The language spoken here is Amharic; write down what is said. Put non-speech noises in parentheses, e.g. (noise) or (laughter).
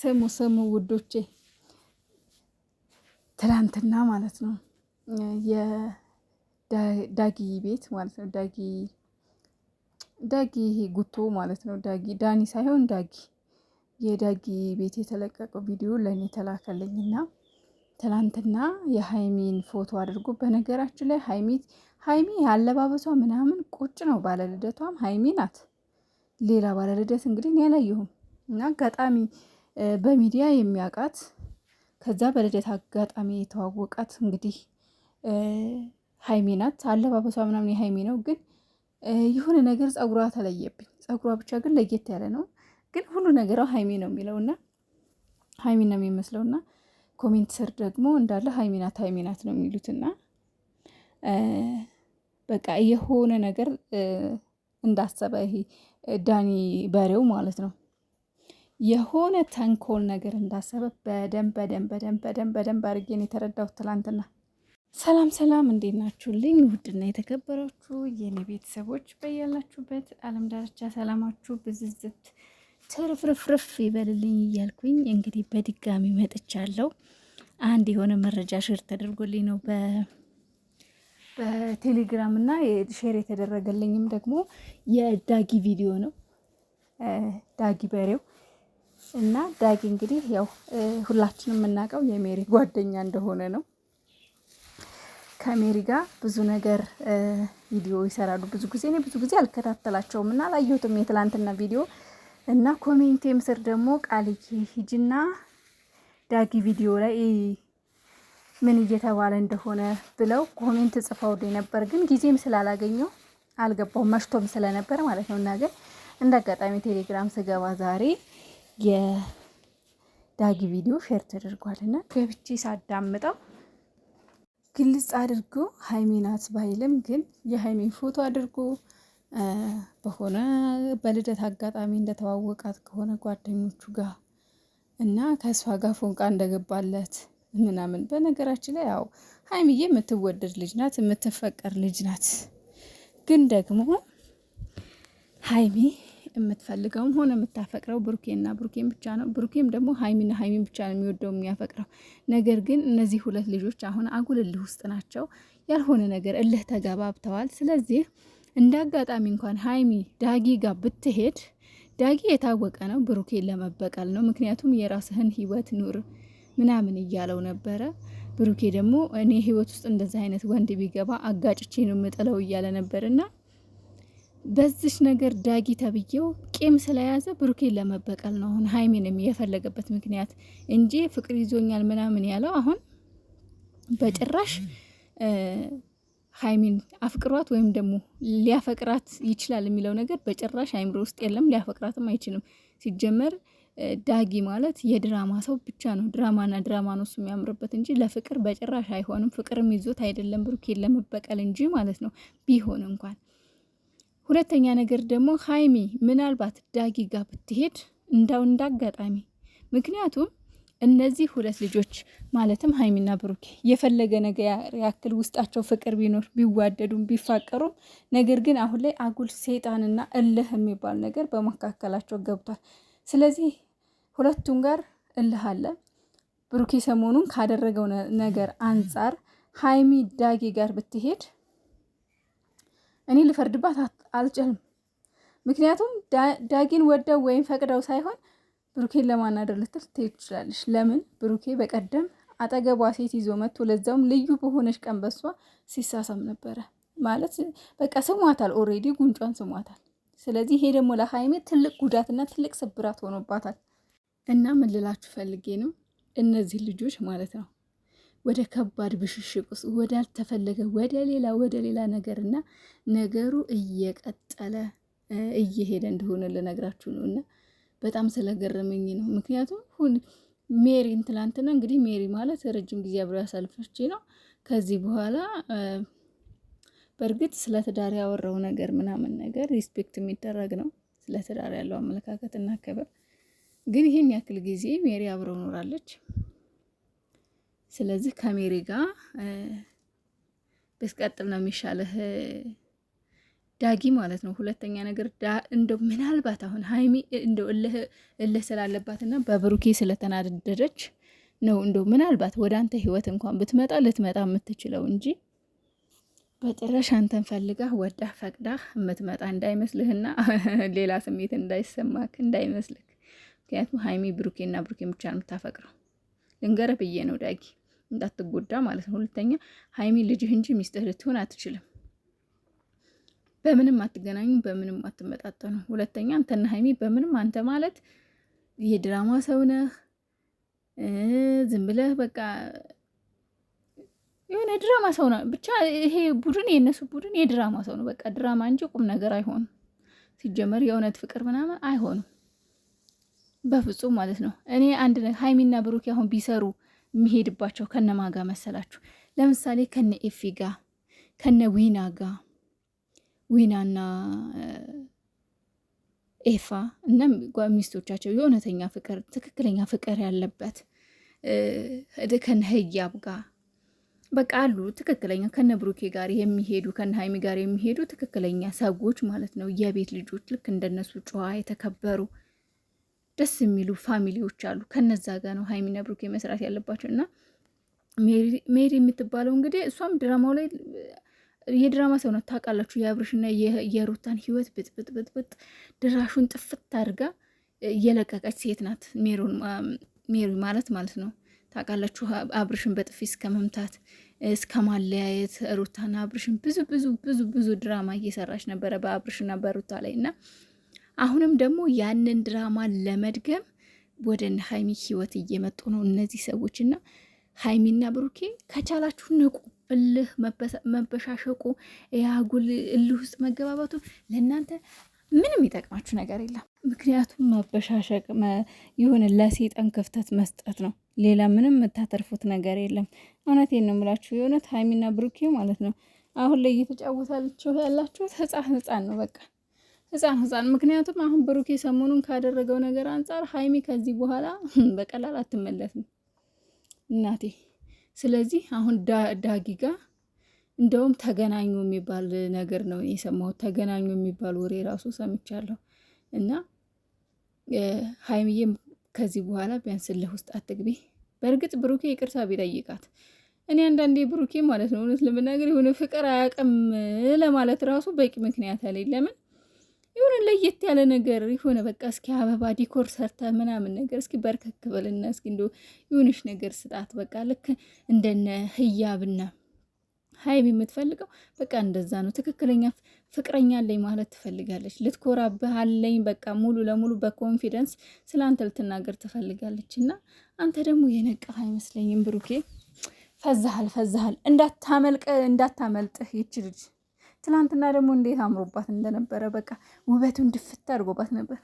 ስሙ ስሙ ውዶቼ ትላንትና ማለት ነው የዳጊ ቤት ማለት ነው ዳጊ ዳጊ ይሄ ጉቶ ማለት ነው ዳጊ ዳኒ ሳይሆን ዳጊ የዳጊ ቤት የተለቀቀው ቪዲዮ ለእኔ ተላከልኝና ትላንትና የሀይሚን ፎቶ አድርጎ በነገራችን ላይ ሀይሚ ሀይሚ ያለባበሷ ምናምን ቁጭ ነው። ባለልደቷም ሀይሚ ናት። ሌላ ባለልደት እንግዲህ እኔ አላየሁም እና አጋጣሚ በሚዲያ የሚያውቃት ከዛ በልደት አጋጣሚ የተዋወቃት እንግዲህ ሀይሚ ናት። አለባበሷ ምናምን የሀይሜ ነው፣ ግን የሆነ ነገር ጸጉሯ ተለየብኝ። ጸጉሯ ብቻ ግን ለየት ያለ ነው፣ ግን ሁሉ ነገሯ ሀይሜ ነው የሚለውና ሀይሜ ነው የሚመስለው ና ኮሜንት ስር ደግሞ እንዳለ ሀይሚ ናት ሀይሚ ናት ነው የሚሉትና በቃ የሆነ ነገር እንዳሰበ ይሄ ዳኒ በሬው ማለት ነው የሆነ ተንኮል ነገር እንዳሰበ በደንብ በደንብ በደንብ በደንብ በደንብ አድርጌን የተረዳሁት ትላንትና። ሰላም ሰላም፣ እንዴት ናችሁልኝ? ውድና የተከበራችሁ የኔ ቤተሰቦች በያላችሁበት ዓለም ዳርቻ ሰላማችሁ ብዝዝት ትርፍርፍርፍ ይበልልኝ እያልኩኝ እንግዲህ በድጋሚ መጥቻለሁ። አንድ የሆነ መረጃ ሼር ተደርጎልኝ ነው በቴሌግራም እና ሼር የተደረገልኝም ደግሞ የዳጊ ቪዲዮ ነው። ዳጊ በሬው እና ዳጊ እንግዲህ ያው ሁላችንም የምናውቀው የሜሪ ጓደኛ እንደሆነ ነው። ከሜሪ ጋር ብዙ ነገር ቪዲዮ ይሰራሉ። ብዙ ጊዜ እኔ ብዙ ጊዜ አልከታተላቸውም እና አላየሁትም የትላንትና ቪዲዮ እና ኮሜንት ምስር ደግሞ ቃልዬ ሂጅና ዳጊ ቪዲዮ ላይ ምን እየተባለ እንደሆነ ብለው ኮሜንት ጽፈው ነበር፣ ግን ጊዜም ስላላገኘው አልገባው መሽቶም ስለነበረ ማለት ነው። እና ግን እንደ አጋጣሚ ቴሌግራም ስገባ ዛሬ የዳጊ ቪዲዮ ሼር ተደርጓል እና ገብቼ ሳዳምጠው ግልጽ አድርጎ ሀይሚ ናት ባይልም ግን የሀይሚን ፎቶ አድርጎ በሆነ በልደት አጋጣሚ እንደተዋወቃት ከሆነ ጓደኞቹ ጋር እና ከእሷ ጋር ፎንቃ እንደገባለት ምናምን። በነገራችን ላይ ያው ሀይሚዬ የምትወደድ ልጅ ናት፣ የምትፈቀር ልጅ ናት። ግን ደግሞ ሀይሚ የምትፈልገውም ሆነ የምታፈቅረው ብሩኬና ብሩኬን ብቻ ነው። ብሩኬም ደግሞ ሀይሚና ሀይሚን ብቻ ነው የሚወደው የሚያፈቅረው። ነገር ግን እነዚህ ሁለት ልጆች አሁን አጉል እልህ ውስጥ ናቸው። ያልሆነ ነገር እልህ ተገባብተዋል። ስለዚህ እንደ አጋጣሚ እንኳን ሀይሚ ዳጊ ጋር ብትሄድ ዳጊ የታወቀ ነው ብሩኬን ለመበቀል ነው። ምክንያቱም የራስህን ህይወት ኑር ምናምን እያለው ነበረ። ብሩኬ ደግሞ እኔ ህይወት ውስጥ እንደዚህ አይነት ወንድ ቢገባ አጋጭቼ ነው የምጥለው እያለ ነበርና በዚሽ ነገር ዳጊ ተብዬው ቂም ስለያዘ ብሩኬን ለመበቀል ነው አሁን ሀይሜንም የፈለገበት ምክንያት እንጂ ፍቅር ይዞኛል ምናምን ያለው አሁን በጭራሽ ሀይሚን አፍቅሯት ወይም ደግሞ ሊያፈቅራት ይችላል የሚለው ነገር በጭራሽ አይምሮ ውስጥ የለም። ሊያፈቅራትም አይችልም። ሲጀመር ዳጊ ማለት የድራማ ሰው ብቻ ነው። ድራማና ድራማ ነው እሱ የሚያምርበት እንጂ ለፍቅር በጭራሽ አይሆንም። ፍቅርም ይዞት አይደለም ብሩኬን ለመበቀል እንጂ ማለት ነው ቢሆን እንኳን ሁለተኛ ነገር ደግሞ ሀይሚ ምናልባት ዳጊ ጋር ብትሄድ እንዳው እንዳጋጣሚ፣ ምክንያቱም እነዚህ ሁለት ልጆች ማለትም ሀይሚና ብሩኬ የፈለገ ነገር ያክል ውስጣቸው ፍቅር ቢኖር ቢዋደዱም ቢፋቀሩም፣ ነገር ግን አሁን ላይ አጉል ሰይጣንና እልህ የሚባል ነገር በመካከላቸው ገብቷል። ስለዚህ ሁለቱም ጋር እልህ አለ። ብሩኬ ሰሞኑን ካደረገው ነገር አንጻር ሀይሚ ዳጊ ጋር ብትሄድ እኔ ልፈርድባት አልችልም። ምክንያቱም ዳጊን ወደው ወይም ፈቅደው ሳይሆን ብሩኬን ለማናደር ልትል ትሄድ ትችላለች። ለምን ብሩኬ በቀደም አጠገቧ ሴት ይዞ መጥቶ ለዛውም ልዩ በሆነች ቀን በሷ ሲሳሳም ነበረ። ማለት በቃ ስሟታል፣ ኦሬዲ ጉንጯን ስሟታል። ስለዚህ ይሄ ደግሞ ለሀይሜ ትልቅ ጉዳትና ትልቅ ስብራት ሆኖባታል። እና ምን ልላችሁ ፈልጌ ነው እነዚህ ልጆች ማለት ነው ወደ ከባድ ብሽሽቅ ውስጥ ወዳልተፈለገ ወደ ሌላ ወደ ሌላ ነገርና ነገሩ እየቀጠለ እየሄደ እንደሆነ ልነግራችሁ ነው። እና በጣም ስለገረመኝ ነው። ምክንያቱም ሁን ሜሪን ትላንትና እንግዲህ ሜሪ ማለት ረጅም ጊዜ አብሮ ያሳልፈች ነው። ከዚህ በኋላ በእርግጥ ስለ ትዳር ያወራው ነገር ምናምን ነገር ሪስፔክት የሚደረግ ነው። ስለ ትዳር ያለው አመለካከት እና ክብር ግን ይህን ያክል ጊዜ ሜሪ አብረው ኖራለች። ስለዚህ ከሜሪ ጋር ብትቀጥል ነው የሚሻልህ ዳጊ ማለት ነው። ሁለተኛ ነገር እንደው ምናልባት አሁን ሀይሚ እንደው እልህ ስላለባትና በብሩኬ ስለተናደደች ነው እንደው ምናልባት ወደ አንተ ህይወት እንኳን ብትመጣ ልትመጣ የምትችለው እንጂ በጭራሽ አንተን ፈልጋህ ወዳህ ፈቅዳህ የምትመጣ እንዳይመስልህና (laughs) ሌላ ስሜት እንዳይሰማክ እንዳይመስልህ። ምክንያቱም ሀይሚ ብሩኬና ብሩኬን ብቻ ነው የምታፈቅረው። ልንገረ ብዬ ነው ዳጊ እንዳትጎዳ ማለት ነው። ሁለተኛ ሀይሚ ልጅህ እንጂ ሚስትህ ልትሆን አትችልም። በምንም አትገናኙ፣ በምንም አትመጣጠኑ። ሁለተኛ አንተና ሀይሚ በምንም አንተ ማለት የድራማ ሰው ነህ። ዝም ብለህ በቃ የሆነ ድራማ ሰው ነው ብቻ። ይሄ ቡድን የእነሱ ቡድን የድራማ ሰው ነው በቃ ድራማ እንጂ ቁም ነገር አይሆንም። ሲጀመር የእውነት ፍቅር ምናምን አይሆንም በፍጹም ማለት ነው። እኔ አንድ ሀይሚና ብሩክ አሁን ቢሰሩ የሚሄድባቸው ከነ ማጋ መሰላችሁ? ለምሳሌ ከነ ኤፊ ጋ ከነ ዊና ጋ ዊናና ኤፋ እናም ሚስቶቻቸው የእውነተኛ ፍቅር ትክክለኛ ፍቅር ያለበት ከነ ህያብ ጋር በቃ አሉ ትክክለኛ ከነ ብሩኬ ጋር የሚሄዱ ከነ ሀይሚ ጋር የሚሄዱ ትክክለኛ ሰዎች ማለት ነው። የቤት ልጆች ልክ እንደነሱ ጨዋ የተከበሩ ደስ የሚሉ ፋሚሊዎች አሉ። ከነዛ ጋር ነው ሀይሚና ብሩኬ መስራት ያለባቸው እና ሜሪ የምትባለው እንግዲህ እሷም ድራማው ላይ የድራማ ሰው ናት ታውቃላችሁ። የአብርሽና የሩታን ህይወት ብጥብጥብጥብጥ ድራሹን ጥፍት አድርጋ የለቀቀች ሴት ናት ሜሪ ማለት ማለት ነው። ታውቃላችሁ አብርሽን በጥፊ እስከ መምታት እስከ ማለያየት ሩታና አብርሽን ብዙ ብዙ ብዙ ብዙ ድራማ እየሰራች ነበረ በአብርሽና በሩታ ላይ እና አሁንም ደግሞ ያንን ድራማ ለመድገም ወደ ሀይሚ ህይወት እየመጡ ነው እነዚህ ሰዎች እና ሀይሚና ብሩኬ ከቻላችሁ ንቁ። እልህ መበሻሸቁ፣ የአጉል እልህ ውስጥ መገባባቱ ለእናንተ ምንም ይጠቅማችሁ ነገር የለም። ምክንያቱም መበሻሸቅ የሆነ ለሴጠን ክፍተት መስጠት ነው። ሌላ ምንም የምታተርፉት ነገር የለም። እውነቴን ነው የምላችሁ። የእውነት ሀይሚና ብሩኬ ማለት ነው አሁን ላይ እየተጫወታችሁ ያላችሁት ህፃን ህፃን ነው በቃ ህፃን ህፃን ምክንያቱም አሁን ብሩኬ ሰሞኑን ካደረገው ነገር አንጻር ሀይሚ ከዚህ በኋላ (laughs) በቀላል አትመለስም እናቴ። ስለዚህ አሁን ዳጊ ጋ እንደውም ተገናኙ የሚባል ነገር ነው የሰማሁት። ተገናኙ የሚባል ወሬ ራሱ ሰምቻለሁ። እና ሀይሚዬም ከዚህ በኋላ ቢያንስ እልህ ውስጥ አትግቢ። በእርግጥ ብሩኬ ይቅርታ ቢጠይቃት እኔ አንዳንዴ ብሩኬ ማለት ነው እውነት ለምናገር የሆነ ፍቅር አያውቅም ለማለት ራሱ በቂ ምክንያት አለኝ። ለምን የሆነ ለየት ያለ ነገር የሆነ በቃ እስኪ አበባ ዲኮር ሰርተ ምናምን ነገር እስኪ በርከክ በልና እስኪ እንዲ የሆነሽ ነገር ስጣት። በቃ ልክ እንደነ ህያብና ሀይም የምትፈልገው በቃ እንደዛ ነው። ትክክለኛ ፍቅረኛ አለኝ ማለት ትፈልጋለች። ልትኮራብህ አለኝ በቃ ሙሉ ለሙሉ በኮንፊደንስ ስለ አንተ ልትናገር ትፈልጋለች። እና አንተ ደግሞ የነቃህ አይመስለኝም ብሩኬ። ፈዛሃል፣ ፈዛሃል። እንዳታመልጥ ይች ልጅ ትላንትና ደግሞ እንዴት አምሮባት እንደነበረ በቃ ውበቱን ድፍት አድርጎባት ነበር።